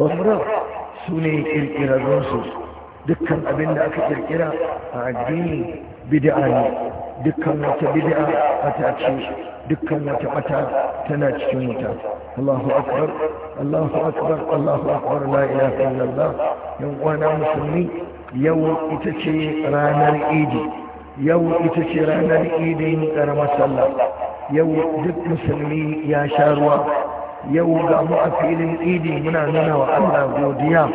umra su ne kirkirarrunsu dukkan abin da aka kirkira a addini bid'a ne dukkan wata bid'a bata ce dukkan wata bata tana cikin wuta Allahu akbar Allahu akbar Allahu akbar la ilaha illallah yan uwana musulmi yau ita ce ranar idi yau ita ce ranar idin karamar sallah yau duk musulmi ya sha ruwa yau ga mu a filin idi muna nuna wa Allah godiya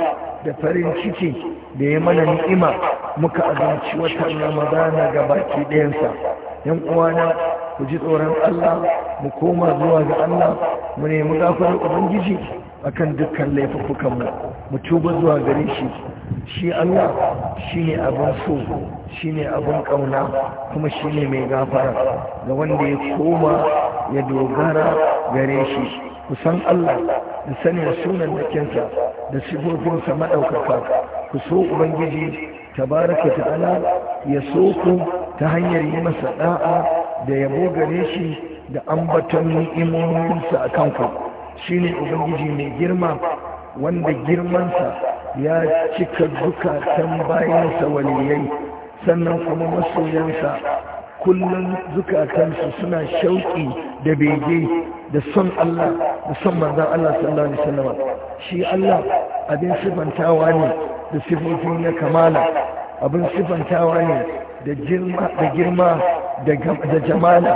da farin ciki da ya mana ni'ima muka azumci watan ramadana ga baki ɗayansa yan uwana ku ji tsoron Allah mu koma zuwa ga Allah mu nemi gafarar ubangiji akan dukkan laifukanmu, mu mu tuba zuwa gare shi shi Allah shine abin so shine abin ƙauna, kuma shine mai gafara ga wanda ya koma ya dogara gare shi ku san Allah da sanin sunan nakinsa da sifofinsa maɗaukaka ku so ubangiji baraka ta'ala ya so ku ta hanyar yi masa da'a da yabo gare shi da ambaton ni'imominsa a kanku ne ubangiji mai girma wanda girmansa ya cika zukatan bayansa waliyai sannan kuma masoyansa kullum zukatansu suna shauƙi da bege da son Allah musamman zan Allah sallallahu alaihi wasallam shi Allah abin sifantawa ne da sifofin na kamala abin sifantawa ne da girma da jamala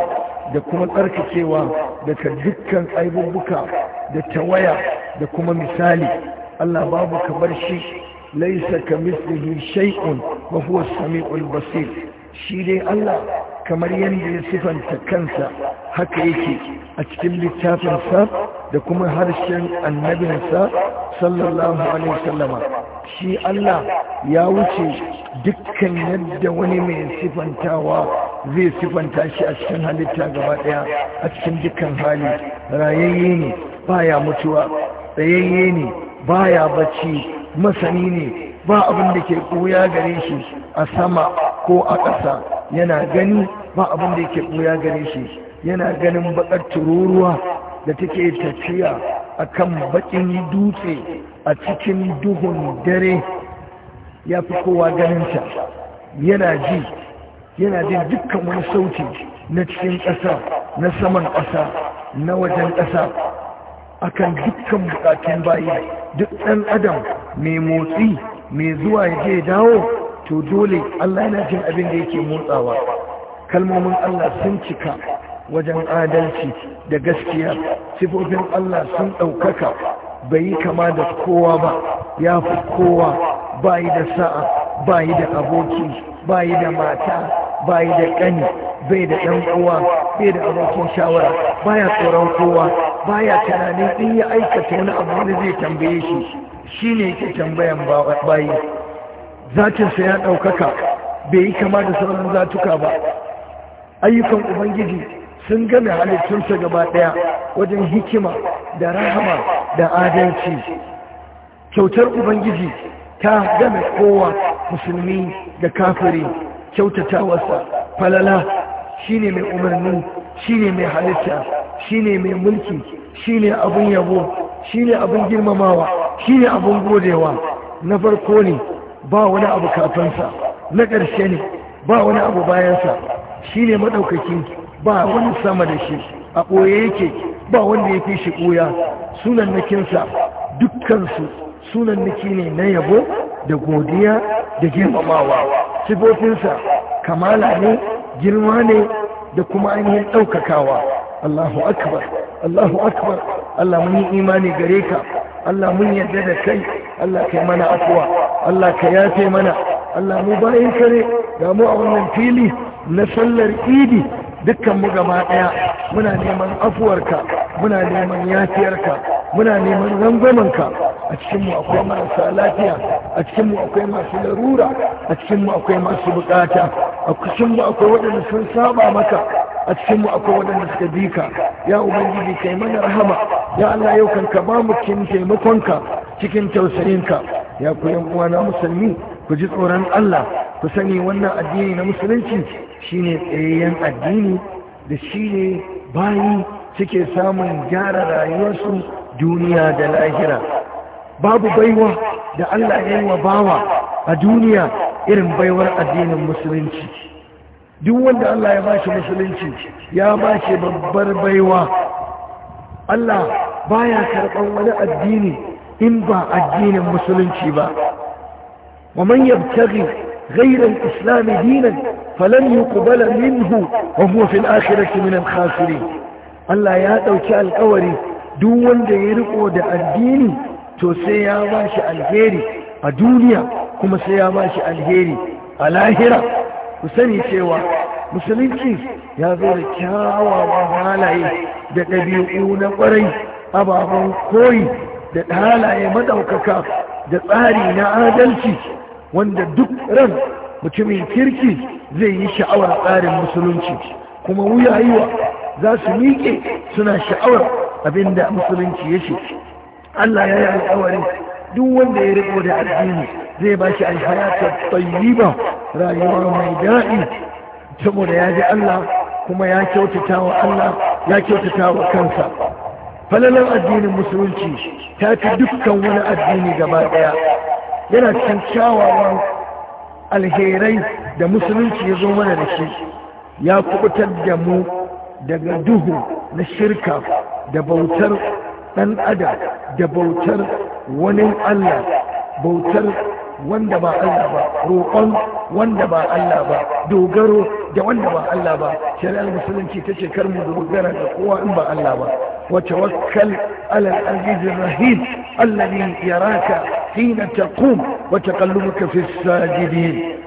da kuma tsarkakewa daga dukkan aibubuka da tawaya da kuma misali Allah babu kamar shi laisa ka mislihi shay'un wa huwa samiul basir shi dai Allah kamar yadda ya sifanta kansa haka yake a cikin littafinsa da kuma harshen annabinsa sallallahu alaihi sallama shi Allah ya wuce dukkan yadda wani mai sifantawa zai sifanta shi a cikin halitta gaba daya a cikin dukkan hali rayayye ne baya mutuwa tsayayye ne baya bacci masani ne ba abin da ke koya gare shi a sama ko a ƙasa yana gani ba abin da yake ɓuya gare shi yana ganin bakar tururuwa da take tafiya a kan bakin dutse a cikin duhun dare ya fi kowa ganinta yana ji yana jin dukkan wani sauti na cikin ƙasa na saman ƙasa na wajen ƙasa akan dukkan bukatun bayi duk ɗan adam mai motsi mai zuwa ya je dawo to dole allah yana jin abin da yake motsawa kalmomin Allah sun cika wajen adalci da gaskiya sifofin Allah sun ɗaukaka bai yi kama da kowa ba ya fi kowa bayi da sa'a bayi da aboki bayi da mata bayi da ƙani bai da ɗan uwa bai da abokin shawara baya tsoron kowa baya tunanin in ya aikata wani abu wani zai tambaye shi shi ne yake tambayan bayi zatinsa ya ɗaukaka bai yi kama da sauran zatuka ba ayyukan ubangiji sun game halittunsa gaba ɗaya wajen hikima da rahama da adalci kyautar ubangiji ta game kowa musulmi da kafiri kyautata wasa falala shi ne mai umarni shi ne mai halitta shi ne mai mulki shi ne abin yabo shi ne abin girmamawa shi ne abin godewa na farko ne ba wani abu kafansa na ƙarshe ne ba wani abu bayansa shi ne maɗaukaki ba wani sama da shi a ɓoye yake ba wanda ya fi shi ɓoya sunan nakinsa dukkansu sunan naki ne na yabo da godiya da girmamawa sifofinsa kamala ne girma ne da kuma ainihin ɗaukakawa Allahu akbar Allahu akbar Allah mun yi imani gare ka Allah mun yarda da kai Allah kai mana afuwa Allah ka yafe mana Allah mu bayan kare ga mu a wannan fili na sallar idi dukkan mu gaba ɗaya muna neman afuwarka muna neman yafiyarka muna neman rangwamanka a cikinmu akwai marasa lafiya a cikinmu akwai masu larura a cikinmu akwai masu bukata a cikinmu akwai waɗanda sun saba maka a cikinmu akwai waɗanda suka bi ka ya ubangiji kai mana rahama ya allah yau kan ka ba mu cikin taimakonka cikin tausayinka ya kuyan yan uwana musulmi ku ji tsoron allah ku sani wannan addini na musulunci shine tsayayyen addini da shine bayi suke samun gyara rayuwarsu duniya da lahira babu baiwa da Allah ya yi wa bawa a duniya irin baiwar addinin musulunci duk wanda Allah ya bashi musulunci ya bashi babbar baiwa Allah baya karɓar wani addini in ba addinin musulunci ba wa man yabtaghi غير الإسلام دينا فلن يقبل منه وهو في الآخرة من الخاسرين الله يا دوكي القوري duk wanda ya riƙo da addini to sai ya ba shi alheri a duniya kuma sai ya ba shi alheri a lahira ku sani cewa musulunci ya zo da kyawawan halaye da ɗabi'u na ƙwarai ababen koyi da halaye maɗaukaka da tsari na adalci wanda duk ran mutumin kirki zai yi sha'awar tsarin musulunci kuma wuyayiwa za su miƙe suna sha'awar abinda musulunci ya ce Allah ya yi alƙawari duk wanda ya riko da addini zai ba shi alhayata tayyiba rayuwa mai daɗi saboda ya ji Allah kuma ya kyautata wa Allah ya kyautata wa kansa falalar addinin musulunci ta fi dukkan wani addini gaba ɗaya yana cikin kyawawan alherai da musulunci ya zo mana da shi ya kubutar da mu daga duhu na shirka da bautar ɗan adam da bautar wani allah bautar wanda ba Allah ba roƙon wanda ba Allah ba dogaro da wanda ba Allah ba shari'ar musulunci ta ce kar mu dogara ga kowa in ba Allah ba wa tawakkal ala al-aziz ar rahim alladhi yaraka hina taqum wa taqallubuka fi as sajidin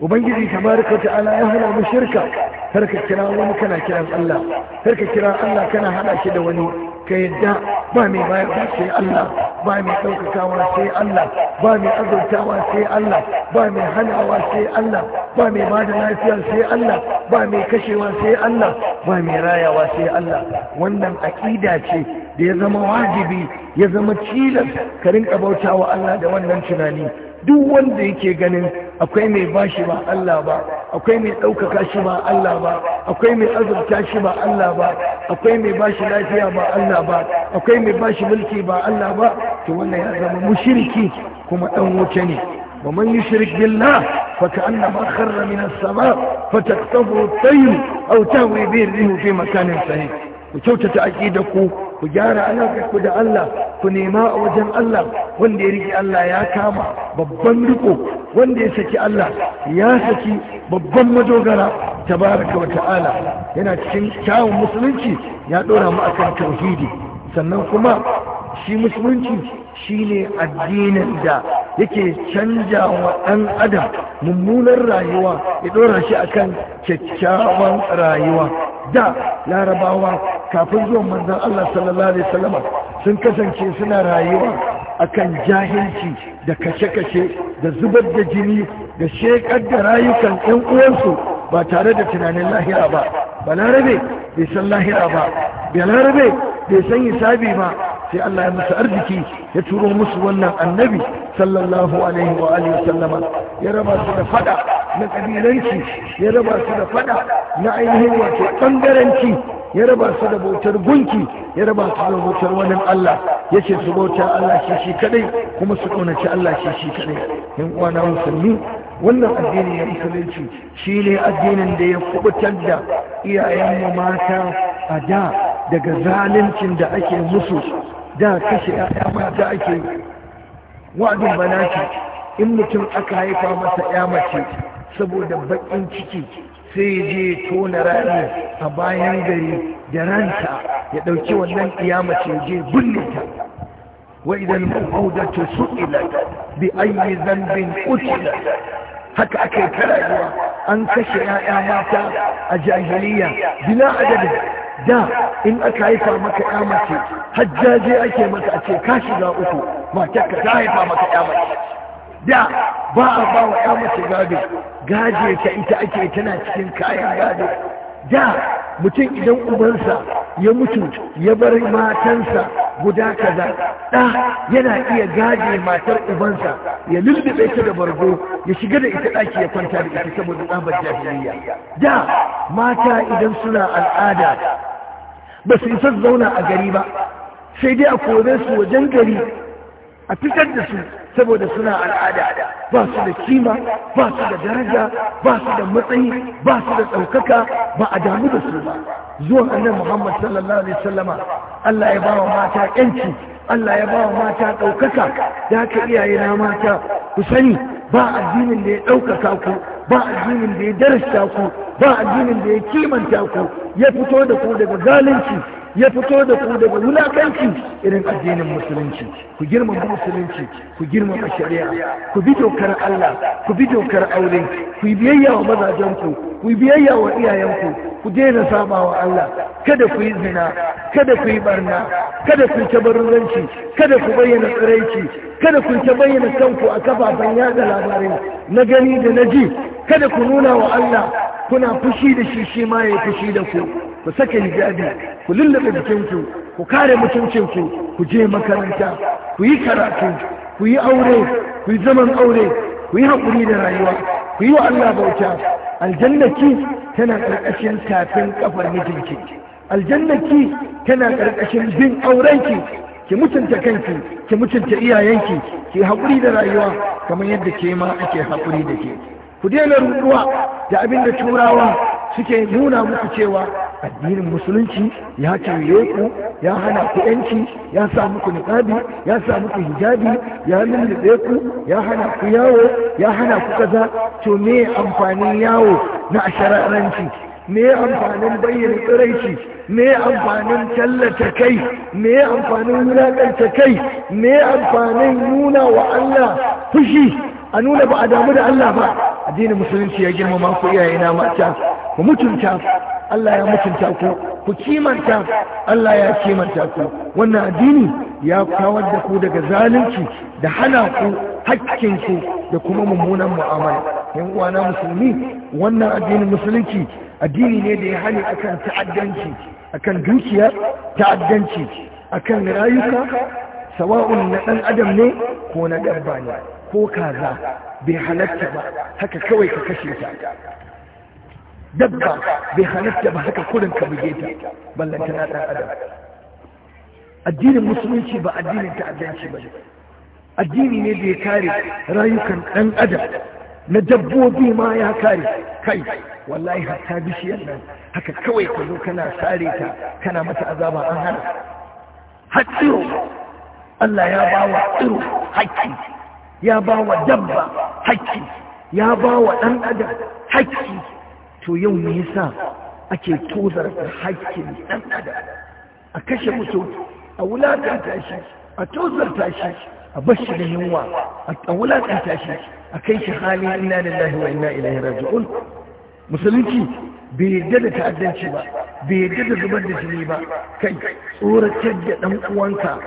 ubangiji tabaraka ta'ala ya hana mu shirka karka kira wani kana kiran Allah karka kira Allah kana hada shi da wani ka yadda ba mai bayar da sai Allah ba mai ɗaukakawa sai Allah ba mai azurtawa sai Allah ba mai hanawa sai Allah ba mai ba da lafiya sai Allah ba mai kashewa sai Allah ba mai rayawa sai Allah wannan aƙida ce da ya zama wajibi ya zama cilas ka rinka bautawa Allah da wannan tunani duk wanda yake ganin akwai mai bashi ba Allah ba akwai mai ɗaukaka shi ba Allah ba akwai mai azurta shi ba Allah ba akwai mai bashi lafiya ba Allah ba akwai mai bashi mulki ba Allah ba to wannan ya zama mushriki kuma dan wuce ne wa man yushrik billah fa ka'annama kharra min as-sama' fa taqtabu at-tayr aw tahwi bihi fi makanin sahih ku kyautata aƙida ku ku gyara alaƙar ku da Allah ku nema a wajen Allah wanda ya riƙe Allah ya kama babban riko wanda ya saki Allah ya saki babban madogara tabaraka wa ta'ala yana cikin kyawun musulunci ya dora mu akan tauhidi sannan kuma shi musulunci shi ne addinin da yake canja wa ɗan adam mummunar rayuwa ya ɗora shi akan kyakkyawan rayuwa da larabawa kafin zuwan manzan Allah sallallahu alaihi wasallama sun kasance suna rayuwa akan jahilci da kashe-kashe da zubar da jini da shekar da rayukan 'yan uwansu ba tare da tunanin lahira ba balarabe bai san lahira ba balarabe bai san hisabi ba sai Allah ya musu arziki ya turo musu wannan annabi sallallahu alaihi wa alihi sallama ya raba su da fada na kabilanci ya raba su da fada na ainihin wato bangaranci ya raba su da bautar gunki ya raba su da bautar wani Allah ya ce su bauta Allah shi shi kadai kuma su kaunaci Allah shi shi kadai yan uwana musulmi wannan addini ya musulunci shi ne addinin da ya kubutar da iyayenmu mata a da daga zaluncin da ake musu da kashe ‘ya'ya mata ake wa'adin banaki in mutum aka haifa masa ‘ya mace saboda baƙin ciki sai je tona rami a bayan gari da ranta ya ɗauki wannan mace je bulle ta وإذا الموءودة سئلت بأي ذنب قتلت haka aka yi karayewa an kashe 'ya'ya mata a jahiliya bila adadin da in aka haifa maka 'ya mace hajjaje ake maka a ce ka shiga uku matarka ta haifa maka 'ya mace da ba a ba wa 'ya mace gado gaje ta ita ake tana cikin kayan gado da mutum idan ubansa ya mutu ya bar matansa guda kaza ɗa yana iya gaje matar ubansa ya lullube ta da bargo ya shiga da ita ɗaki ya kwanta da ita saboda tsabar jahiliya da mata idan suna al'ada ba su isa zauna a gari ba sai dai a kore su wajen gari a fitar da su saboda suna al'ada ba su da kima ba su da daraja ba su da matsayi ba su da ɗaukaka ba a damu da su ba zuwan annan muhammad sallallahu alaihi sallama allah ya ba wa mata yanci allah ya ba wa mata ɗaukaka da haka iyaye na mata ku sani ba addinin da ya ɗaukaka ku ba addinin da ya darasta ku ba addinin da ya kimanta ku ya fito da ku daga zalunci ya fito da ku daga wulakanci irin addinin musulunci ku girmama musulunci ku girmama shari'a ku bi dokar Allah ku bi dokar aure ku yi biyayya wa mazajenku ku yi biyayya wa iyayenku ku daina saba wa Allah kada ku yi zina kada ku yi barna kada ku tabarruzanci kada ku bayyana tsiraici kada ku ta bayyana kanku a kafafen yada labarai na gani da na ji kada ku nuna wa Allah kuna fushi da shi shi ma ya fushi da ku ku saka hijabi ku lullube jikinku ku kare mutuncinku ku je makaranta ku yi karatu ku yi aure ku yi zaman aure ku yi haƙuri da rayuwa ku yi wa Allah bauta aljannaki tana ƙarƙashin tafin ƙafar mijinki aljannaki tana ƙarƙashin bin aurenki ki mutunta kanki ki mutunta iyayenki ki haƙuri da rayuwa kamar yadda ke ma ake haƙuri da ke ku daina ruɗuwa da abin da turawa suke nuna muku cewa addinin musulunci ya cire ku ya hana ku yanci ya sa muku niqabi ya sa muku hijabi ya lullube ku ya hana ku yawo ya hana ku kaza to me amfanin yawo na ashara'anci me amfanin bayyana tsiraici me amfanin tallata kai me amfanin wulaƙanta kai me amfanin nuna wa Allah fushi a nuna ba a damu da Allah ba addinin musulunci ya girmama ku iyaye na mata ku mutunta Allah ya mutunta ku ku kimanta Allah ya kimanta ku wannan addini ya kawar da ku daga zalunci da hana ku ku da kuma mummunan mu'amala yan uwana musulmi wannan addinin musulunci addini ne da ya hane akan ta'addanci akan dukiya ta'addanci akan rayuka sawa'un na dan adam ne ko na dabba ne كوكازا بحلتك با هكا كوي كشيتا دبا بحلتك با هكا كلن كبجيتا بل انتنا دان ادم الدين المسلمين شبا الدين انت ادين شبا الدين يدي كاري رايكا ان ادم ندبو بي ما يا كاري كي والله حتى بشي ادم هكا كوي كلو كنا ساريتا كنا متعذابا انها حتى الله يا باوة ارو حتى ya ba wa dabba haƙƙi ya ba wa ɗan adam haƙƙi to yau me yasa ake tozarta haƙƙin ɗan adam a kashe mutum a wulaƙanta shi a tozarta tashi, a bashi da yunwa a wulaƙanta shi a kai shi hali inna lillahi wa inna ilaihi raji'un musulunci bai yarda da ta'addanci ba bai yarda da zubar da jini ba kai tsoratar da ɗan uwanka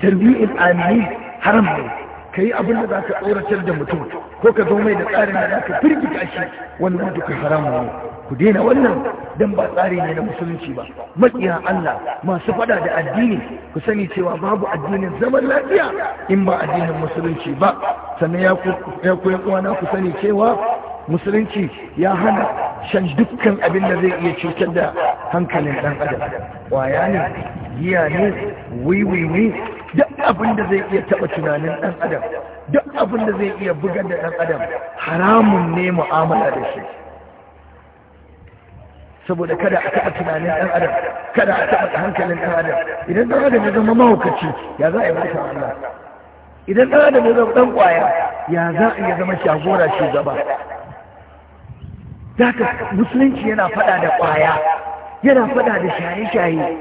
tarbiyyar amini haram ne ka yi abin da za ka tsoratar da mutum ko ka zo mai da tsarin da za ka firgita shi wannan duka haramun ne ku daina wannan dan ba tsari ne na musulunci ba makiya Allah masu faɗa da addini ku sani cewa babu addinin zaman lafiya in ba addinin musulunci ba sannan ya ku ya ku ku sani cewa musulunci ya hana shan dukkan abin da zai iya cutar da hankalin ɗan adam waya ne giya ne wiwiwi duk abin da zai iya taba tunanin dan adam duk abin da zai iya bugar da dan adam haramun ne mu'amala da shi saboda kada a taɓa tunanin ɗan adam kada a taɓa hankalin ɗan adam idan ɗan adam ya zama mahaukaci ya za a yi masa Allah idan ɗan adam ya zama ɗan ƙwaya ya za a yi zama shagora shugaba za musulunci yana fada da ƙwaya yana fada da shaye-shaye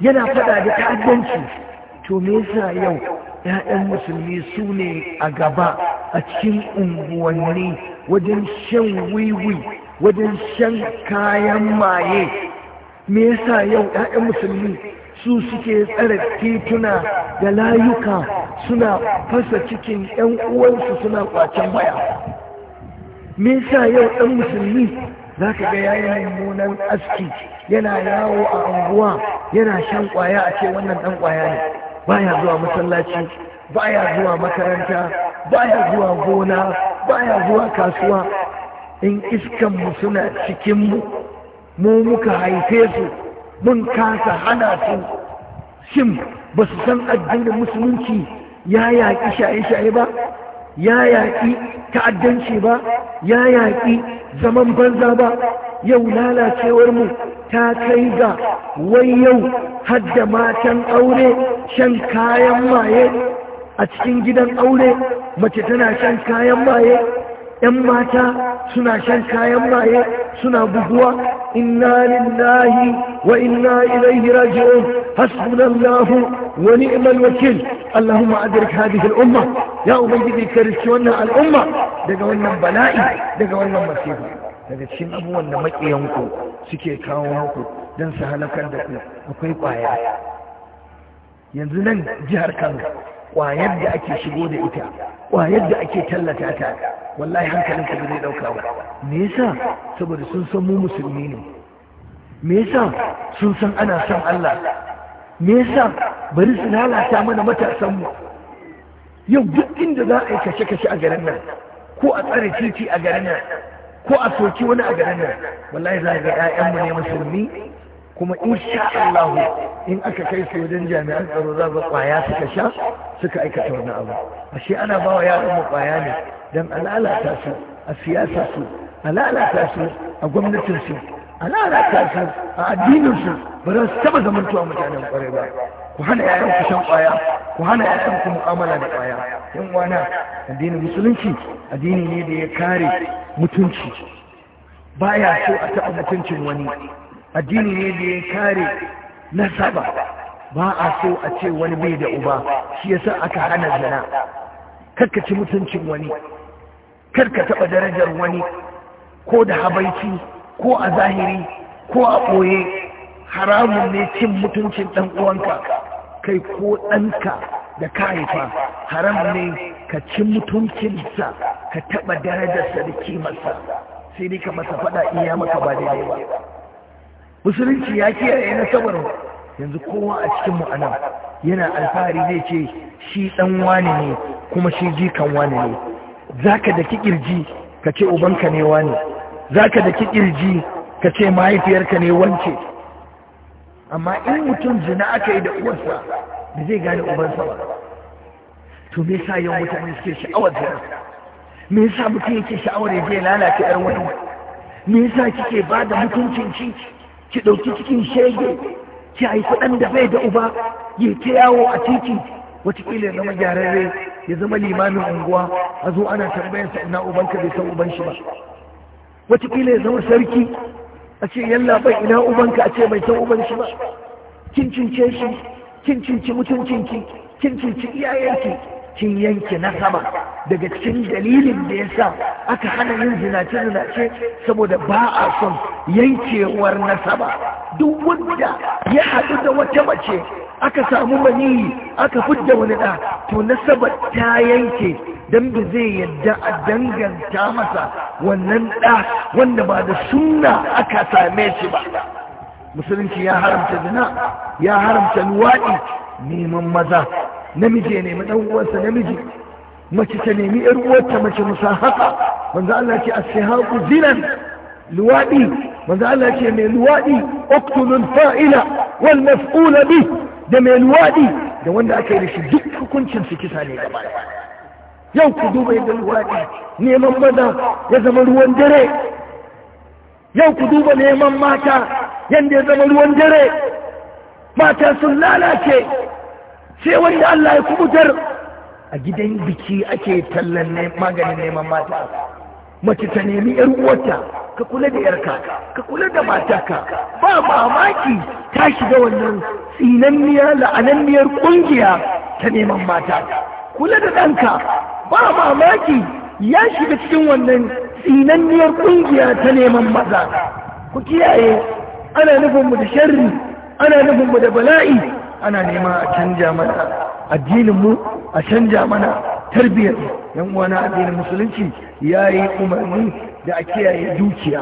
yana fada da ta'addanci to me yasa yau ‘ya'yan musulmi su ne a gaba a cikin unguwanni wajen shan wiwi wajen shan kayan maye me yasa yau ‘ya'yan musulmi su suke tsare tituna da layuka suna fasa cikin ‘yan uwansu suna kwacen baya? me yasa yau ɗan musulmi za ka ga yayin mummunan aski yana yawo a unguwa yana shan kwaya a ce wannan ɗan kwaya ne baya zuwa masallaci baya zuwa makaranta baya zuwa gona baya zuwa kasuwa in iskan iskanmu suna cikinmu mu muka haife su mun kasa hana su shin ba su san addinin musulunci ya yaƙi shaye-shaye ba ya yaƙi ta'addanci ba ya yaƙi zaman banza ba yau lalacewar mu ta kai ga wai yau hadda matan aure shan kayan maye a cikin gidan aure mace tana shan kayan maye ‘yan mata suna shan kayan maye suna buguwa inna lillahi wa inna ilaihi raji'un hasbunallahu wa ni'mal wakil Allahumma adrik hadhihi al-umma ya ubangiji ka wannan al'umma daga wannan bala'i daga wannan masifa daga cikin abubuwan da maƙiyanku suke kawo muku don su halakar da ku akwai ƙwaya yanzu nan jihar kano ƙwayar da ake shigo da ita ƙwayar da ake tallata ta wallahi hankalin ka zai ɗauka ba me yasa saboda sun san mu musulmi ne me yasa sun san ana son Allah me yasa bari su lalata mana matasan mu yau duk inda za a yi kashe-kashe a garin nan ko a tsare titi a garin nan ko a soki wani a garin nan wallahi za ga ƴaƴanmu ne musulmi kuma insha Allah in aka kai su wajen jami'an tsaro za ga kwaya suka sha suka aikata wani abu ashe ana bawa yaran mu kwaya ne dan alalata su a siyasa su alalata su a gwamnatin su alalata su a addinin su ba za su taba zamantowa mutanen kwarai ba ku hana yayan ku shan kwaya ku hana yayan ku mu'amala da kwaya yan wana addinin musulunci addini ne da ya kare mutunci baya so a taɓa mutuncin wani addini ne da ya kare nasaba ba a so a ce wani bai da uba shi yasa aka hana zina ka ci mutuncin wani Kar ka taɓa darajar wani ko da habaici ko a zahiri ko a ɓoye haramun ne cin mutuncin ɗan uwanka kai ko ɗanka da ka haifa haram ne ka ci mutuncinsa ka taɓa darajarsa da kimarsa sai dai ka masa faɗa iya maka ba daidai ba musulunci ya kiyaye na sabar yanzu kowa a cikin mu'anan yana alfahari zai ce shi ɗan wani ne kuma shi jikan wani ne Za ka da kirji ka ce ubanka ne wani Za ka da kirji ka ce mahaifiyarka ne wance amma in mutum zina aka yi da uwarsa da zai gane ubansa ba to me sa yawan mutane suke sha'awar zina me sa mutum yake sha'awar ya je lalace yar wani me yasa kike ba da mutuncin ki ki dauki cikin shege ki haifi dan da bai da uba ya ta yawo a titi watakila ya zama gyararre ya zama limamin unguwa a zo ana tambayarsa ina ubanka bai san uban shi ba watakila ya zama sarki a ce yalla bai ina ubanka a ce mai san uban shi ba kin cince shi kin cinci mutuncinki kin cinci iyayenki kin yanke na sama daga cikin dalilin da ya sa aka hana yin zinace zinace saboda ba a son yankewar nasaba duk wanda ya haɗu da wata mace aka samu maniyi aka fidda wani ɗa to nasabar ta yanke don zai yadda a danganta masa wannan ɗa wanda ba da sunna aka same shi ba musulunci ya haramta zina ya haramta luwaɗi neman maza namiji ya nemi ɗan uwansa namiji mace ta nemi ƴar uwarta mace musahaka manzo Allah ce as-sihaqu zinan luwaɗi manzo Allah ce mai luwaɗi uqtulul fa'ila wal maf'ula bi da mai luwaɗi da wanda aka yi da shi duk hukuncin su kisa ne gaba ɗaya yau ku duba yadda luwaɗi neman maza ya zama ruwan dare yau ku duba neman mata yadda ya zama ruwan dare mata sun lalace sai wanda Allah ya kubutar a gidan biki ake tallan maganin neman mata mace ta nemi yar uwarta ka kula da yarka ka kula da mataka ba mamaki ta shiga wannan tsinanniya la'ananniyar kungiya ta neman mata kula da ɗanka ba mamaki ya shiga cikin wannan tsinanniyar ƙungiya ta neman maza ku kiyaye ana nufinmu da sharri ana nufinmu da bala'i ana nema a canja mana addininmu a canja mana tarbiyyar yan uwana addinin musulunci ya yi umarni da a kiyaye dukiya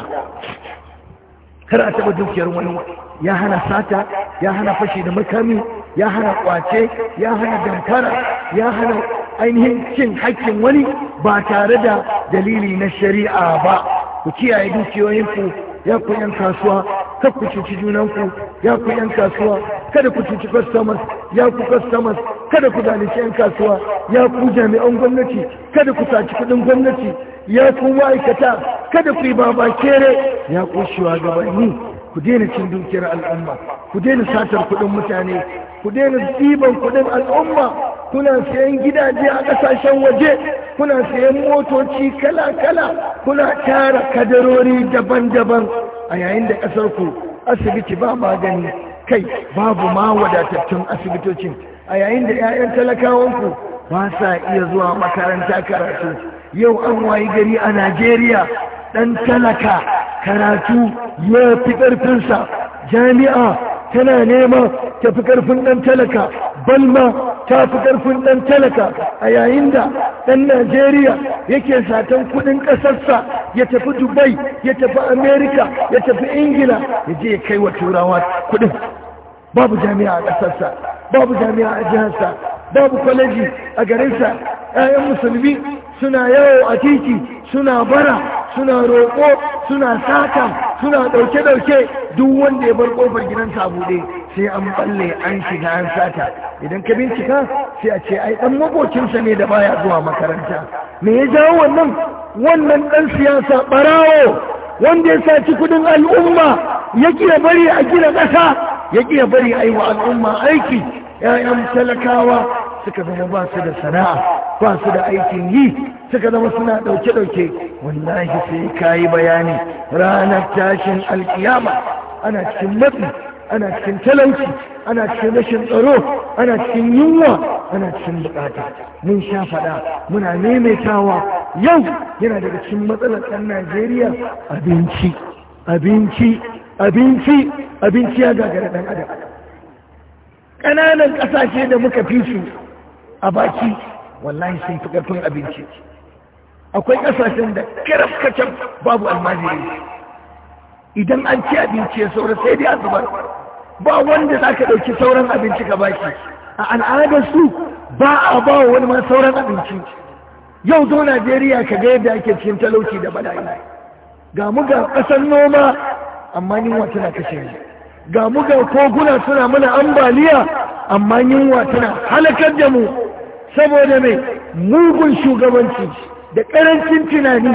kar a taɓa dukiyar wani ya hana sata ya hana fashi da makami ya hana kwace ya hana damfara ya hana ainihin cin haƙƙin wani ba tare da dalili na shari'a ba ku kiyaye dukiyoyinku ya ku yan kasuwa ka ku cuci junanku ya ku yan kasuwa kada ku cuci customers ya ku customers kada ku zalunci yan kasuwa ya ku jami'an gwamnati kada ku saci kuɗin gwamnati ya ku ma'aikata kada ku yi babakere ya ku shugabanni ku daina cin dukiyar al'umma ku daina satar kuɗin mutane ku daina ɗiban kuɗin al'umma kuna sayan gidaje a ƙasashen waje kuna sayan motoci kala-kala kuna tara kadarori daban-daban a yayin da ƙasarku asibiti ba magani kai babu ma wadatattun asibitocin a yayin da 'ya'yan talakawanku ba sa iya zuwa makaranta karatu yau an wayi gari a najeriya ɗan talaka karatu ya fi ƙarfinsa jami'a tana nema ta fi ƙarfin ɗan talaka balma ta fi ƙarfin ɗan talaka a yayin da ɗan najeriya yake satan kuɗin ƙasarsa ya tafi dubai ya tafi amerika ya tafi ingila ya je ya kai wa turawa kuɗin babu jami'a a ƙasarsa babu jami'a a jiharsa babu kwaleji a garinsa 'ya'yan musulmi suna yawo a titi suna bara suna roƙo suna sata suna ɗauke-ɗauke duk wanda ya bar ƙofar gidansa a buɗe sai an balle an shiga an sata idan ka bincika sai a ce ai ɗan makocinsa ne da baya zuwa makaranta me ya jawo wannan wannan ɗan siyasa ɓarawo wanda ya saci kuɗin al'umma ya ƙiya bari a gina ƙasa ya ƙiya bari a yi wa al'umma aiki 'ya'yan talakawa suka zama ba su da sana'a ba su da aikin yi suka zama suna ɗauke-ɗauke wallahi sai ka yi bayani ranar tashin alkiyama ana cikin matsi ana cikin talauci ana cikin rashin tsaro ana cikin yunwa ana cikin bukata mun sha faɗa muna maimaitawa yau yana daga cikin matsalar ɗan najeriya abinci abinci abinci abinci ya gagara ɗan adam ƙananan ƙasashe da muka fi su a baki wallahi sun fi ƙarfin abinci akwai ƙasashen da kira kacan babu almajiri idan an ci abinci ya saura sai dai a ba wanda za ka ɗauki sauran abinci ka baki a al'adar su ba a ba wa wani ma sauran abinci yau zo najeriya ka ga yadda ake cikin talauci da bala'i ga mu ga ƙasar noma amma yunwa tana kashe ni. ga mu ga koguna suna mana ambaliya amma yunwa tana halakar da mu saboda mai mugun shugabanci da ƙarancin tunani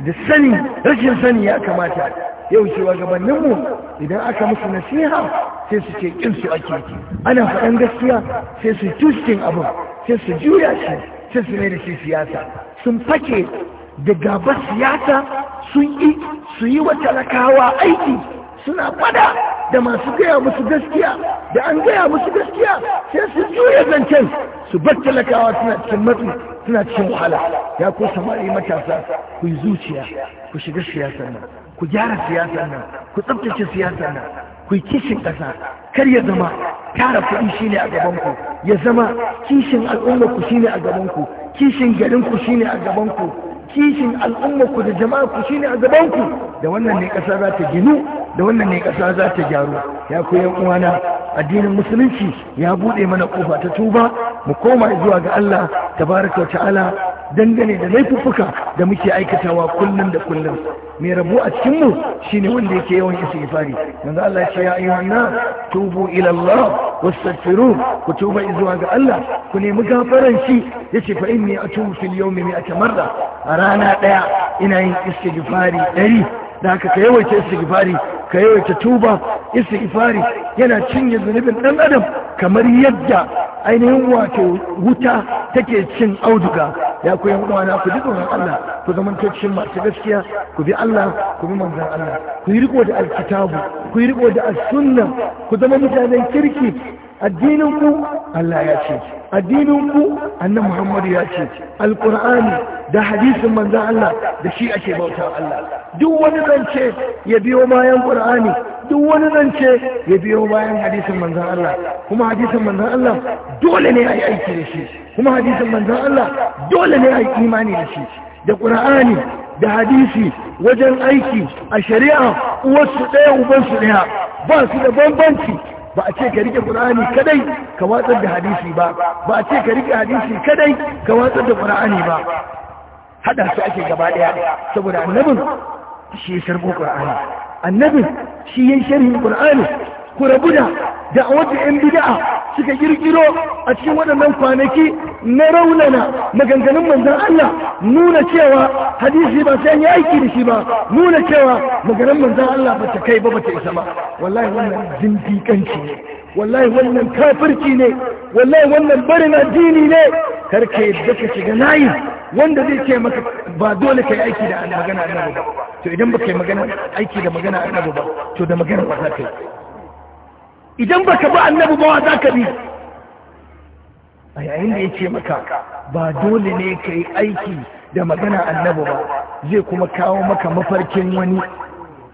da sani rashin sani ya kamata yau cewa gabaninmu idan aka musu nasiha sai su ce ƙin su ake ana faɗan gaskiya sai su tuskin abin sai su juya shi sai su mai da shi siyasa sun fake da gaba siyasa sun yi su yi wa talakawa aiki suna fada da masu gaya musu gaskiya da an gaya musu gaskiya sai su juya zancen su bar talakawa suna cikin matsi suna cikin wahala ya ko samari matasa ku yi zuciya ku shiga siyasar nan ku gyara siyasar nan ku tsabtace siyasar nan ku yi kishin ƙasa kar ya zama tara kuɗi shine a gabanku ya zama kishin al'ummarku shine a gabanku kishin garinku shine a gabanku kishin al'ummarku da jama'arku shine a gabanku da wannan ne ƙasa za ta ginu da wannan ne ƙasa za ta gyaru ya koyan uwana addinin musulunci ya buɗe mana ƙofa ta tuba mu koma zuwa ga Allah tabaraka ta'ala dangane da laifuffuka da muke aikatawa kullum da kullum mai rabu a cikin mu shine wanda yake yawan istighfari yanzu Allah ya ce ya ayyuhan nas tubu ila Allah واستغفروه وتوبة إزواج الله كوني مغافرا fa يشي فإني أتوب a اليوم مئة مرة أرانا ديا إنا إن استغفاري دري da haka ka yawaita istighfari ka yawaita tuba istighfari yana cinye zunubin dan adam kamar yadda ainihin wato wuta take cin auduga ya ku yan uwana ku ji tsoron Allah ku zaman cikin masu gaskiya ku bi Allah ku bi manzan Allah ku yi riko da alkitabu ku yi riko da sunna ku zama mutanen kirki addinin ku Allah ya ce addinin ku annabi Muhammad ya ce alqur'ani da hadisin manzan Allah da shi ake bauta Allah duk wani zance ya biyo bayan ƙur'ani? duk wani zance ya biyo bayan hadisin manzon Allah kuma hadisin manzon Allah dole ne a yi aiki da shi kuma hadisin manzan Allah dole ne a yi imani da shi da ƙur'ani, da hadisi wajen aiki a shari'a uwarsu ɗaya ubansu ɗaya ba su da bambanci ba a ce ka rike ƙur'ani kadai ka watsar da hadisi ba ba a ce ka rike hadisi kadai ka watsar da ƙur'ani ba Haɗa su ake gaba ɗaya saboda annabin shi ya sharbo annabi shi ya sharhin qur'ani ku rabu da da'awar yan bida'a suka kirkiro a cikin waɗannan kwanaki na raunana maganganun manzon Allah nuna cewa hadisi ba sai yi aiki da shi ba nuna cewa maganar manzon Allah ba ta kai ba ba ta isa ba wallahi wannan zindiƙanci ne wallahi wannan kafirci ne wallahi wannan barin addini ne karka yadda ka shiga layi wanda zai ce maka ba dole ka yi aiki da magana annabi ba to idan ba ka yi magana aiki da magana annabi ba to da magana ba za ka yi idan ba ka ba annabi ba za ka bi a yayin da ya ce maka ba dole ne ka yi aiki da magana annabi ba zai kuma kawo maka mafarkin wani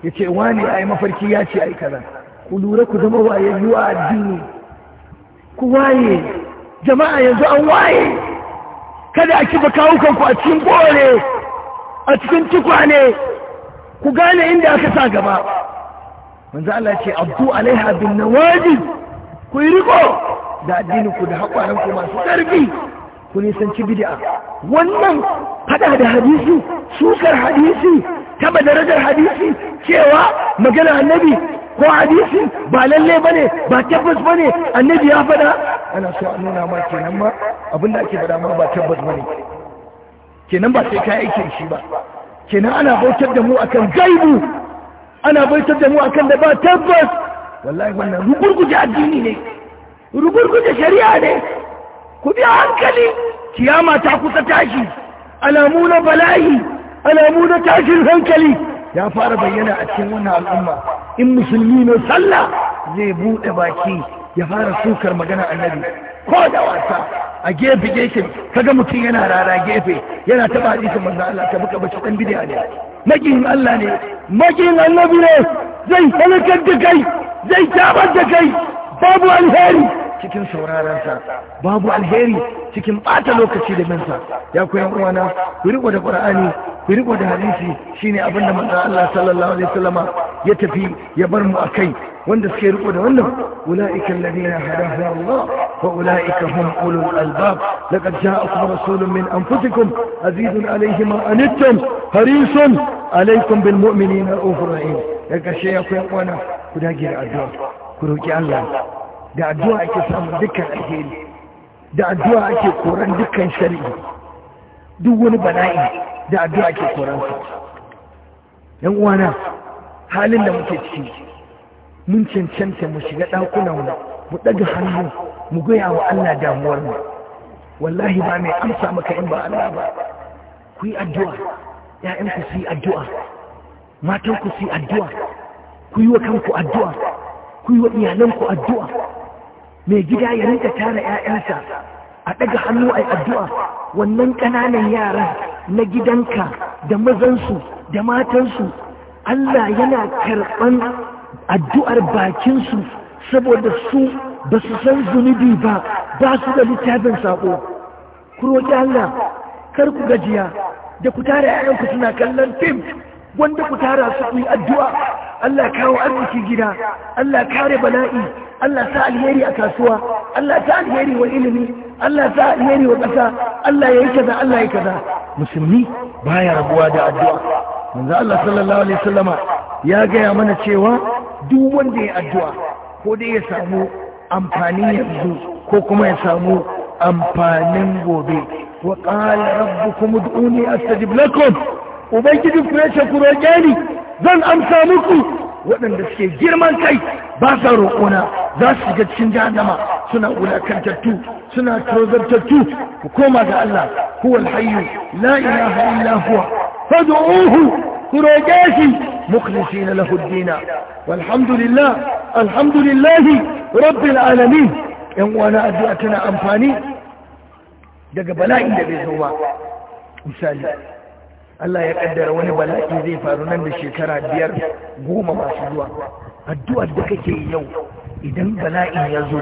ya ce wani a yi mafarki ya ce a yi kaza ku lura ku zama waye a addini ku waye jama'a yanzu an waye kada a kifa kawukanku a cikin bore a cikin tukwane ku gane inda aka sa gaba manzo Allah ce abdu alaiha bin nawaji ku yi riko da addini ku da haƙwaran ku masu ƙarfi ku nisanci bid'a wannan fada da hadisi sukar hadisi taba darajar hadisi cewa magana annabi ko hadisi ba lalle bane ba tabbas bane annabi ya faɗa ana so a nuna ma kenan ma abinda ake fada ma ba tabbas bane kenan ba sai ka aike shi ba kenan ana bautar da mu akan gaibu ana bautar da mu akan da ba tabbas wallahi wannan rugurguje addini ne rugurguje shari'a ne ku bi hankali kiyama ta kusa tashi alamu na bala'i alamu na tashin hankali ya fara bayyana a cikin wannan al'umma in musulmi mai sallah zai buɗe baki ya fara sukar magana annabi ko da wasa a gefe gefe kaga mutum yana rara gefe yana taba hadisin manzo Allah ta buka bace dan bid'a ne makiyin Allah ne makiyin annabi ne zai halakar da kai zai tabar da kai babu alheri cikin saurarensa babu alheri cikin ɓata lokaci da minsa ya ku yan uwana ku riko da qur'ani ku riko da hadisi shine abin da manzon Allah sallallahu alaihi wasallama ya tafi ya bar mu akai wanda suke riko da wannan ulaika alladhina hadahum Allah wa ulaika hum ulul albab laqad ja'akum rasulun min anfusikum azizun alayhi ma anittum harisun alaykum bil mu'minina ufur rahim daga ya ku yan uwana ku dage da addu'a ku roki Allah da addu'a ake samun dukkan alheri da addu'a ake koran dukkan shari'i duk wani bala'i da addu'a ake su yan uwana halin da muke ciki mun cancanta mu shiga ɗakunan mu mu ɗaga hannu mu goya wa Allah damuwar mu wallahi ba mai amsa maka in ba Allah ba ku yi addu'a ‘ya'yan ku yi addu'a matan ku su yi addu'a ku yi wa kanku addu'a ku yi wa iyalanku addu'a mai gida ya rinka tara 'ya'yansa a ɗaga hannu a addu'a wannan ƙananan yara na gidanka da mazansu da matansu Allah yana karɓan addu'ar bakinsu saboda su ba su san zunubi ba ba su da littafin saƙo ku roƙi Allah kar ku gajiya da ku tara 'ya'yanku suna kallon fim wanda ku tara su ku yi addu'a Allah kawo arziki gida Allah kare bala'i Allah sa alheri a kasuwa Allah sa alheri wa ilimi Allah sa alheri wa ƙasa Allah ya yi kaza Allah ya kaza musulmi baya rabuwa da addu'a manzo Allah sallallahu alaihi wasallama ya gaya mana cewa duk wanda ya addu'a ko dai ya samu amfani yanzu ko kuma ya samu amfanin gobe wa qala rabbukum ud'uni astajib lakum ubangiji ku roƙe ni zan amsa muku waɗanda suke girman kai ba sa roƙona za su shiga cikin jahannama suna wulakantattu suna tozartattu ku koma ga Allah huwa alhayyu la ilaha illa huwa fad'uhu ku roƙe shi mukhlisina lahu ad-dina walhamdulillah alhamdulillahi rabbil alamin yan uwana addu'a tana amfani daga bala'in da bai zo ba misali Allah ya kaddara wani bala'i zai faru nan da shekara biyar goma masu zuwa addu'ar da kake yi yau idan Bala'i ya zo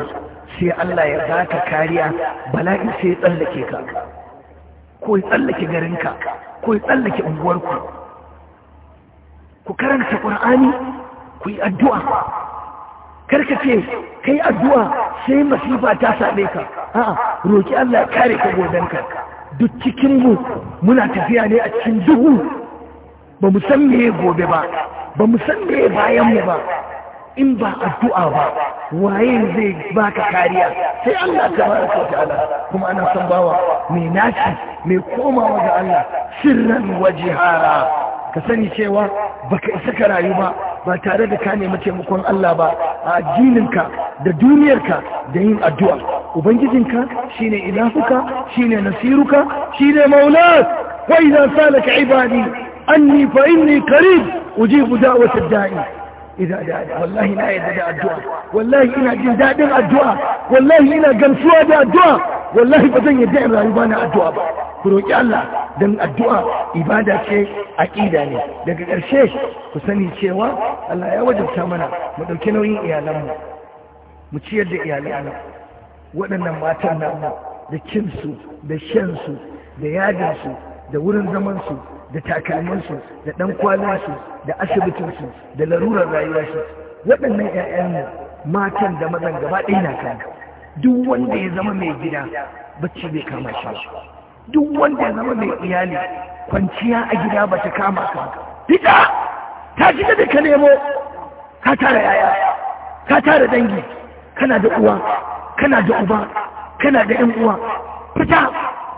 sai Allah ya zaka kariya bala'i sai ya tsallake ka ko ya tsallake garinka ko ya tsallake unguwarku ku karanta ƙur'ani ku yi addu'a ka ce kai addu'a sai masifa ta same ka a'a roki Allah ya kare ka godanka duk cikinmu muna tafiya ne a cikin duhu ba mu san meye gobe ba ba mu san meye bayanmu ba in ba addu'a ba waye zai baka kariya sai Allah tabaraka wa ta'ala kuma ana san bawa mai naci mai komawa ga Allah sirran wajihara ka sani cewa baka isa ka rayu ba ba tare da ka nemi taimakon Allah ba a addininka da duniyarka da yin addu'a ubangijinka shine ilahuka shine nasiruka shine maulak wa idza salaka ibadi anni fa inni qarib ujibu da'wat da'watad da'i wallahi na da addu'a wallahi ina jin daɗin addu'a wallahi ina gamsuwa da addu'a wallahi ba zan yadda in rayuwa na addu'a ba ku roƙi Allah don addu'a ibada ce aƙida ne daga ƙarshe ku sani cewa Allah ya wajabta mana mu ɗauki nauyin iyalanmu mu ciyar da iyalanmu waɗannan matan namu da kinsu da shansu da yadinsu da wurin zamansu da takalminsu da ɗan kwalinsu da asibitinsu da larurar rayuwarsu waɗannan 'ya'yan matan da mazan gaba ɗaya na kan duk wanda ya zama mai gida bacci bai kama shi duk wanda ya zama mai iyali kwanciya a gida ba ta kama ka fita ta shiga da ka nemo ka tara yaya ka tara dangi kana da uwa kana da uba kana da 'yan uwa fita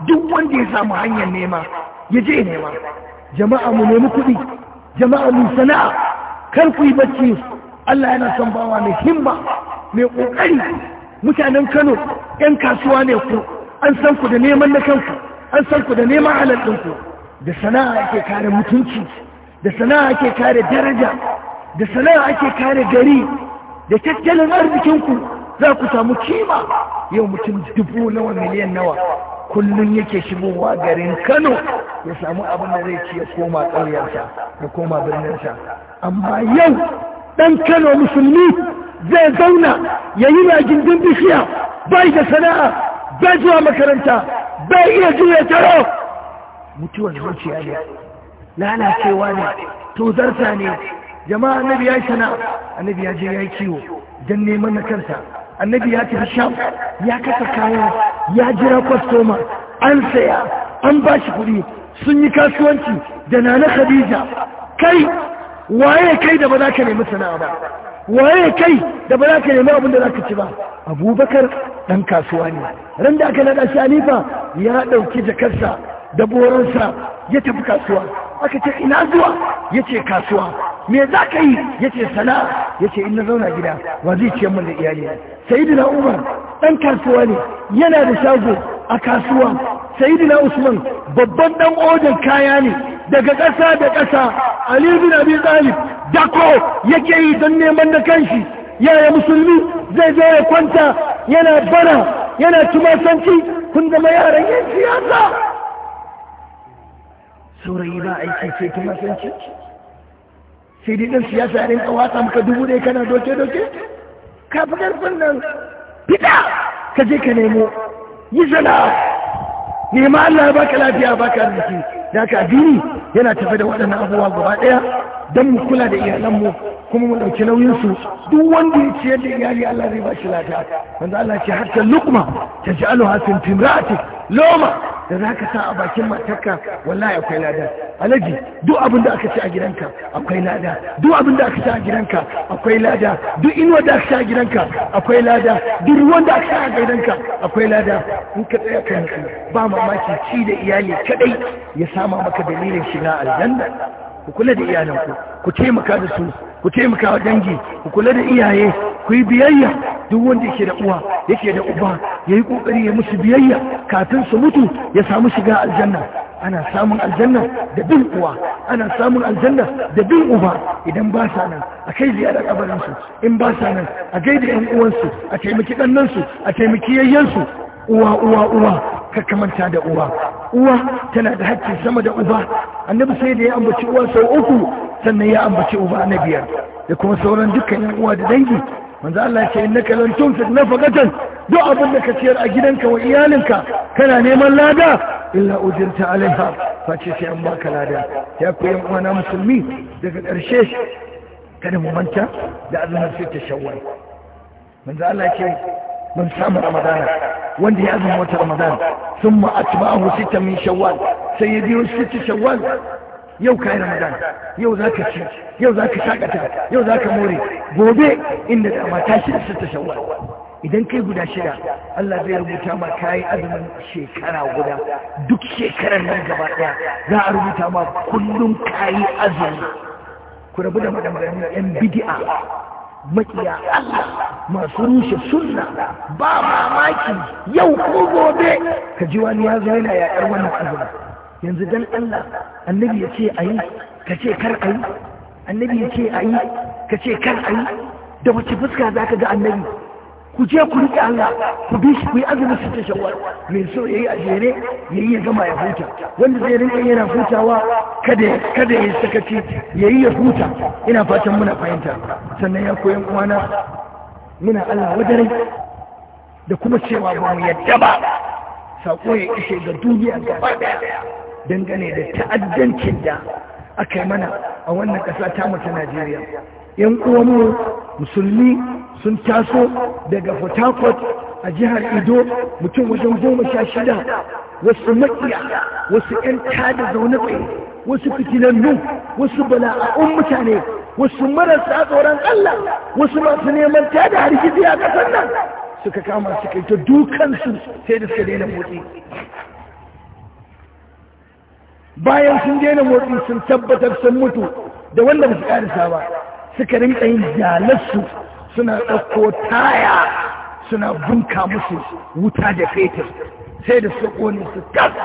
duk wanda ya samu hanyar nema ya je nema jama'a mu nemi kuɗi jama'a mu sana'a kar ku yi bacci Allah yana son bawa mai himma mai kokari mutanen Kano yan kasuwa ne ku an san ku da neman na kanku an san ku da neman halal ɗinku da sana'a ake kare mutunci da sana'a ake kare daraja da sana'a ake kare gari da tattalin arzikinku za ku samu kima yau mutum dubu nawa miliyan nawa kullum yake shigowa garin kano ya samu abin da zai ci ya koma ƙauyarsa ya koma birninsa amma yau ɗan kano musulmi zai zauna ya yi ragindin bishiya bai da sana'a bai zuwa makaranta bai iya juya taro mutuwar zuciya ne lalacewa ne tozarta ne jama'a annabi ya yi sana'a annabi ya je ya yi kiwo don neman na kansa annabi ya tafi sham ya kasa kaya ya jira kwastoma an saya an ba shi kuɗi sun yi kasuwanci da nana khadija kai waye kai da ba za ka nemi sana'a ba waye kai da ba za ka nemi abin da za ka ci ba abubakar ɗan kasuwa ne ran da aka naɗa shi alifa ya ɗauki jakarsa da boransa ya tafi kasuwa aka ce ina zuwa ya ce kasuwa me za ka yi ya ce sana'a ya ce ina zauna gida wa zai ciyar mun da iyali sayidina umar ɗan kasuwa ne yana da shago a kasuwa sayidina usman babban ɗan ojan kaya ne daga ƙasa da ƙasa ali bin abi talib dako yake yi don neman da kanshi yaya musulmi zai zo ya kwanta yana bara yana tumasanci kun zama yaran yan siyasa saurayi ba aiki ce tumasanci sai dai ɗan siyasa yarin ƙawata maka dubu ɗaya kana doke-doke kafi ƙarfin nan fita ka je ka nemo yi sana nema Allah ya baka lafiya baka arziki da haka addini yana tafi da waɗannan abubuwa gaba ɗaya don mu kula da iyalanmu kuma mu ɗauki nauyinsu duk wanda ya ciyar da iyali Allah zai ba shi lafiya manzo Allah ce hatta luqma taj'aluha fi imra'atik loma da za ka sa a bakin matarka wallahi akwai lada alaji duk abin da aka ci a gidanka akwai lada duk abin da aka ci a gidanka akwai lada duk inuwa da aka ci a gidanka akwai lada duk ruwan da aka ci a gidanka akwai lada in ka tsaya kan ba mamaki ci da iyali kadai ya sama maka dalilin shiga aljanna ku kula da iyalanku ku taimaka da su ku taimaka wa dangi ku kula da iyaye ku yi biyayya duk wanda yake da uwa yake da uba ya yi ƙoƙari ya musu biyayya kafin su mutu ya samu shiga aljanna ana samun aljanna da bin uwa ana samun aljanna da bin uba idan ba sa nan a kai ziyarar kabarinsu in ba sa nan a gaida yan uwansu a taimaki ɗannansu a taimaki yayyansu uwa uwa uwa ka kamanta da uwa uwa tana da hakki sama da uba annabi sai da ya ambaci uwa sau uku sannan ya ambaci uba na biyar da kuma sauran dukkan yan uwa da dangi manzo Allah ya ce innaka lan tunfiq nafaqatan duk abin da ka ciyar a gidanka wa iyalinka kana neman lada illa ujirta alaiha face sai an baka lada ya ku yan uwa na musulmi daga ƙarshe kada mu manta da azumin sai ta shawwal manzo Allah ya ce من سام رمضان وندي أذن وتر رمضان ثم أتبعه ستة من شوال سيدي ست شوال yau ka yi ramadan yau za ka ci yau za ka shakata yau za ka more gobe inda dama ta shida su ta shawar idan kai guda shida Allah zai rubuta ma kayi azumin shekara guda duk shekarar nan gaba ɗaya za a rubuta ma kullum kayi azumi ku rabu da madambarin yan bidi'a makiya Allah masu rushe sunna ba mamaki yau ko gobe ka ji wani ya zo yana yaƙar wannan azumin yanzu dan Allah annabi ya ce a yi ka ce kar a yi annabi ya ce a yi ka ce kar a yi da wace fuska za ka ga annabi ku je ku riƙe Allah ku bi shi ku yi azumi su ta shawar mai so ya yi a jere ya yi ya gama ya huta wanda zai rinka yana hutawa kada kada ya sakaci ya yi ya huta ina fatan muna fahimta sannan ya koyan kwana muna Allah wajen da kuma cewa ba mu yadda ba ya ishe ga duniya gaba ɗaya dangane da ta'addancin da aka mana a wannan ƙasa ta mata najeriya yan uwanmu musulmi sun taso daga port harcourt a jihar ido mutum wajen goma sha shida wasu makiya wasu 'yan tada zaune tsaye wasu fitinannu wasu bala'a'un mutane wasu marasa tsoron allah wasu masu neman tada hargitsi a ƙasar nan suka kama suka ta dukansu sai da suka daina motsi bayan sun daina motsi sun tabbatar sun mutu da wanda ba su karisa ba suka rinka yin jalassu suna ɗauko taya suna bunka musu wuta da fetur sai da su ƙone su kasa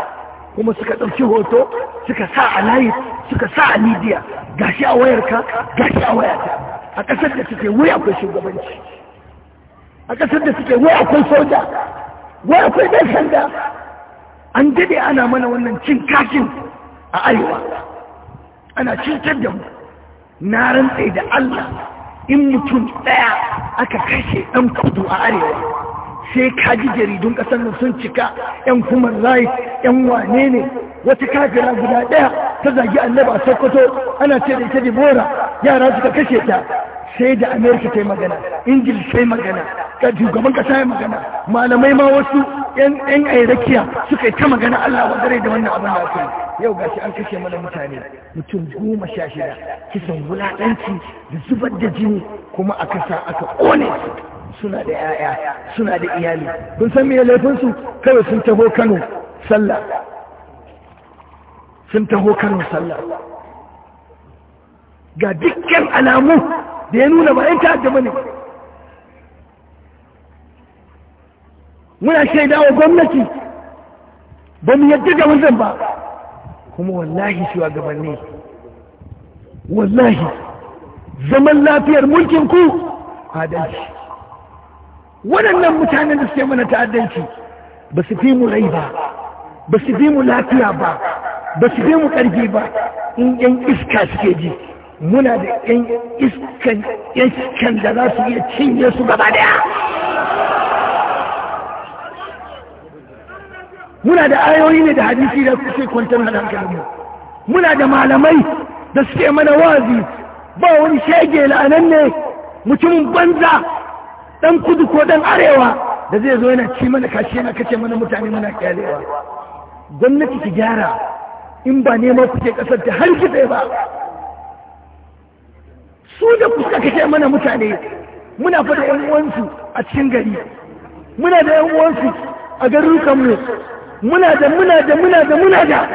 kuma suka ɗauki hoto suka sa a layi suka sa a midiya gashi a wayarka gashi a wayata a ƙasar da suke wai akwai shugabanci a ƙasar da suke wai akwai soja wai akwai ɗan sanda an dade ana mana wannan cin kashin a arewa ana cutar da mu na rantsai da Allah in mutum ɗaya aka kashe ɗan kudu a arewa sai kaji jaridun ƙasar nan sun cika 'yan human rights 'yan wane ne wata kafira guda ɗaya ta zagi annaba a sokoto ana ce da ita dibora yara suka kashe ta sai da amerika ta yi magana ingil ta yi magana shugaban ƙasa ya magana malamai ma wasu yan yan airakiya suka yi ta magana Allah wa dare da wannan abin da ake yau gashi an kashe mana mutane mutum goma sha shida kisan wulaɗanci da zubar da jini kuma aka sa aka ƙone suna da 'ya'ya suna da iyali kun san me su? kawai sun taho Kano sallah sun taho Kano sallah ga dukkan alamu da ya nuna ba yan da bane muna shaida wa gwamnati ba mu yadda da wannan ba kuma wallahi shugabanni wallahi zaman lafiyar mulkin ku adalci waɗannan mutanen da suke mana ta'addanci ba su fi mu rai ba ba su fi mu lafiya ba ba su fi mu ƙarfi ba in yan iska suke ji muna da yan iskan da za su iya cinye su gaba daya muna da ayoyi ne da hadisi da suke kwantar da muna da malamai da suke mana wazi ba wani shege la'anan ne mutumin banza dan kudu ko dan arewa da zai zo yana ci mana kashi yana kace mana mutane mana kyalewa gwamnati ki gyara in ba neman kuke kasar ta har kitse ba su da kuka kace mana mutane muna fada yan uwansu a cikin gari muna da yan uwansu a garurukanmu muna da muna da muna da muna da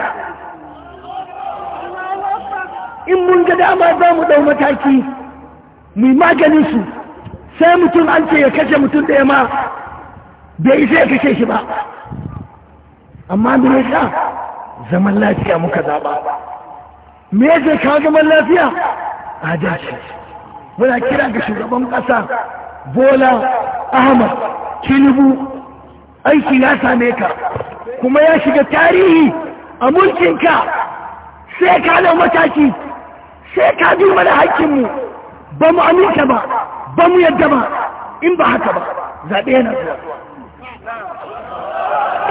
in mun ga dama za mu ɗau mataki mu maganin su sai mutum an ce ya kashe mutum ɗaya ma bai isa ya kashe shi ba amma me yasa zaman lafiya muka zaɓa me yasa ka zaman lafiya adalci muna kira ga shugaban ƙasa bola ahmad tinubu aiki ya same ka kuma ya shiga tarihi a mulkinka sai ka nan mataki sai ka duba da haƙƙinmu ba mu aminta ba ba mu yadda ba in ba haka ba zaɓe yana zuwa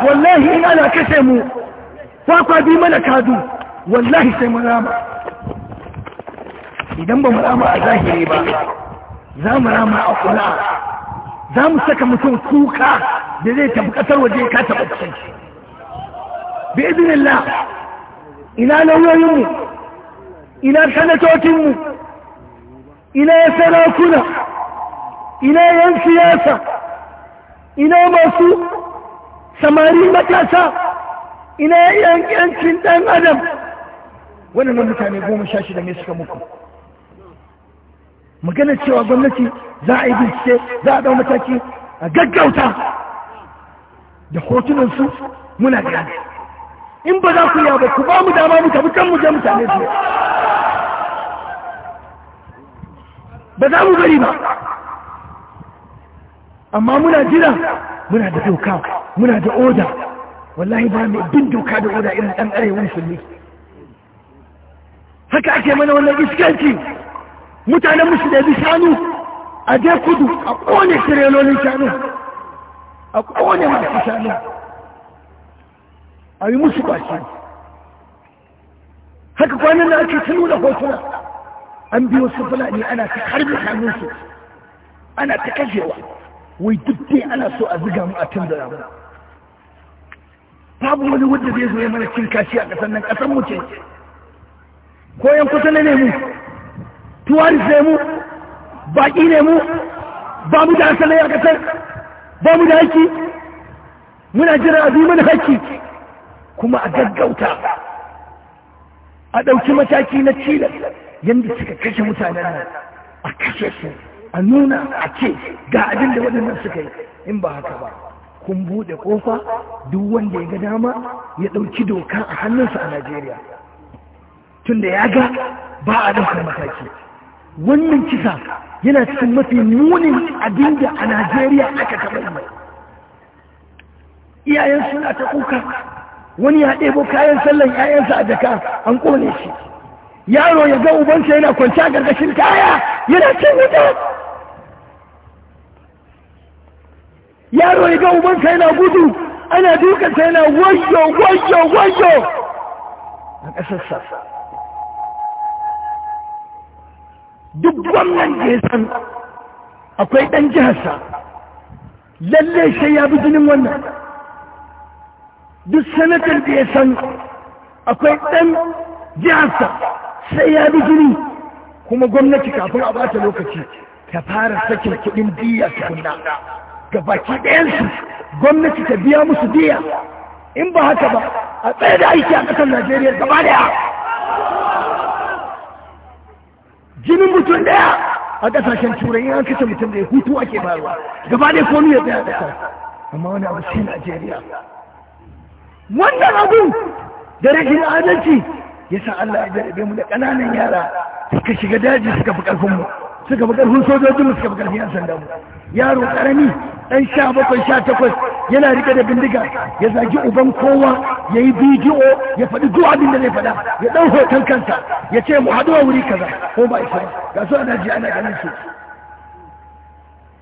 wallahi ina na kashe mu kwakwa bi mana kadu wallahi sai mu rama idan ba mu rama a zahiri ba za mu rama a kula za mu saka mutum kuka da zai tafi kasar waje ka taɓa kusan shi bi izinillah ina lauyoyinmu ina sanatocinmu ina sarakuna ina yan siyasa ina masu samari matasa ina yankin ɗan adam waɗannan mutane goma sha shida ne suka muku magana cewa gwamnati za a yi bincike za a ɗau mataki a gaggauta da hotunansu muna gani in ba za ku yi ba ku ba mu dama mu tafi can mu je mutane su ba za mu bari ba amma muna jira muna da doka muna da oda wallahi ba mai bin doka da oda irin ɗan arewa musulmi haka ake mana wannan iskanci mutanen musu da bi shanu a je kudu a ƙone shirelolin shanu a kowane masu a yi musu baki haka kwanan da ake tunu da hotuna an biyo su fulani ana ta harbi hannunsu ana ta kajewa wai duk dai ana so a ziga mu a tun da ramu babu wani wadda zai zo ya mana cin kashi a ƙasar nan ƙasar mu ce koyan kusa ne mu tuwaris ne mu baƙi ne mu babu da asalai a ƙasar ba mu da haƙƙi muna jira a mana haƙƙi kuma a gaggauta a ɗauki mataki na cilar yadda suka kashe mutanen nan a kashe su a nuna a ce ga abin da waɗannan suka yi in ba haka ba kun buɗe ƙofa duk wanda ya ga dama ya ɗauki doka a hannunsa a najeriya tunda ya ga ba a ɗaukar mataki wannan kisa yana cikin mafi munin abin da a najeriya aka taɓa yi iyayen suna ta kuka wani ya ɗebo kayan sallan yayansa a jaka an ƙone shi yaro ya ga ubansa yana kwanci a gargashin kaya yana cin wuta yaro ya ga ubansa yana gudu ana dukansa yana wayo wayo wayo a ƙasar sassa duk gwamnan da ya san akwai ɗan jiharsa lalle shi ya bi jinin wannan duk sanatar da ya san akwai ɗan jiharsa sai ya bi jini kuma gwamnati kafin a bata lokaci ta fara sakin kuɗin biya tukunna ga baki ɗayansu gwamnati ta biya musu biya in ba haka ba a tsaye da aiki a ƙasar najeriya gaba daya jinin mutum daya a kasashen turai an kashe mutum da ya hutu ake bayarwa gaba da komi ya tsaya kasar amma wani abu sai najeriya wannan abu da rashin adalci ya sa allah ya jarabe mu da ƙananan yara suka shiga daji suka fi mu suka fi ƙarfin sojojinmu suka fi ƙarfin yan mu. yaro ƙarami ɗan sha bakwai sha takwas yana rike da bindiga ya zagi uban kowa ya yi bidiyo ya faɗi duk abin da zai faɗa ya ɗau hoton kansa ya ce mu haɗuwa wuri kaza ko ba isa ga su ana ji ana ganin su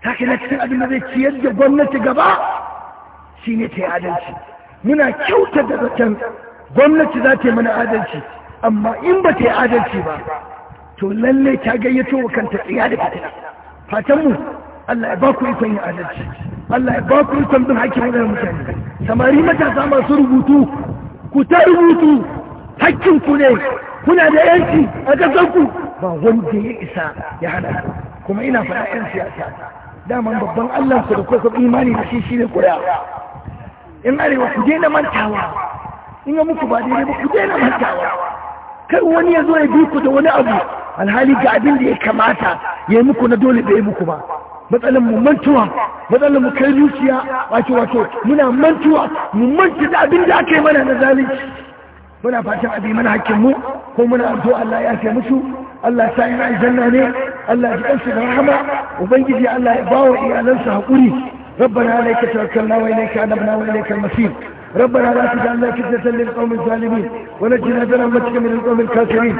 take na cikin abin da zai ciyar da gwamnati gaba ne ta yi adalci muna kyauta da zaton gwamnati za ta yi mana adalci amma in ba ta yi adalci ba to lallai ta gayyato wa kanta tsiya da fitina fatanmu Allah ya ba ku ikon yin adalci Allah ya ba ku rikon bin haƙƙin waɗannan mutane samari matasa masu rubutu ku ta rubutu hakkin ku ne kuna da yanci a ƙasar ku ba wanda ya isa ya hana kuma ina faɗa 'yan siyasa daman babban Allah su da kuka imani da shi shine kuri'a in arewa ku daina mantawa in ya muku ba daidai ba ku daina mantawa kar wani ya zo ya bi ku da wani abu alhali ga abin da ya kamata ya yi muku na dole bai muku ba Matsalan mu mantuwa matsalar mu kai zuciya wato wato muna mantuwa mu manta da abin da aka yi mana na zalunci muna fatan abin mana hakkin mu ko muna addu'a Allah ya sai musu Allah sa ina aljanna ne Allah ya kansu da rahama ubangiji Allah ya bawa iyalansa hakuri ربنا عليك توكلنا واليك انبنا واليك المصير ربنا لا تجعلنا فتنة للقوم الظالمين ونجنا برحمتك من القوم الكافرين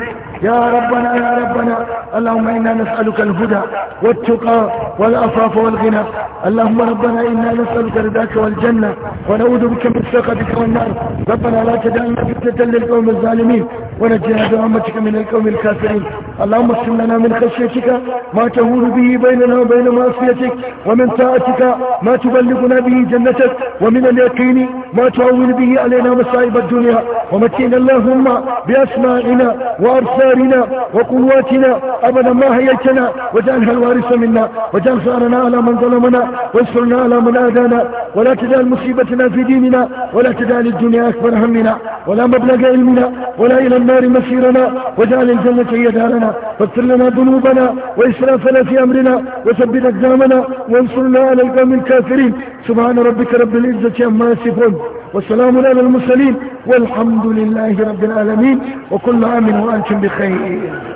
يا ربنا يا ربنا اللهم إنا نسألك الهدى والتقى والأصاف والغنى اللهم ربنا إنا نسألك رضاك والجنة ونعوذ بك من سخطك والنار ربنا لا تجعلنا فتنة للقوم الظالمين ونجنا برحمتك من القوم الكافرين اللهم اقسم لنا من خشيتك ما تهون به بيننا وبين معصيتك ومن طاعتك ما تبلغنا به جنتك ومن اليقين ما تعول به علينا مصائب الدنيا ومتينا اللهم بأسمائنا وأبصارنا وقواتنا أبدا ما هيتنا وجعلها الوارث منا وجعل ثارنا على من ظلمنا وانصرنا على من آذانا ولا تجعل مصيبتنا في ديننا ولا تجعل الدنيا أكبر همنا ولا مبلغ علمنا ولا إلى النار مسيرنا واجعل الجنة هي دارنا واغفر لنا ذنوبنا وإسرافنا في أمرنا وثبت أقدامنا وانصرنا على القوم الكافرين سبحان ربك رب العزة عما يصفون والسلام على المرسلين والحمد لله رب العالمين وكل عام وأنتم بخير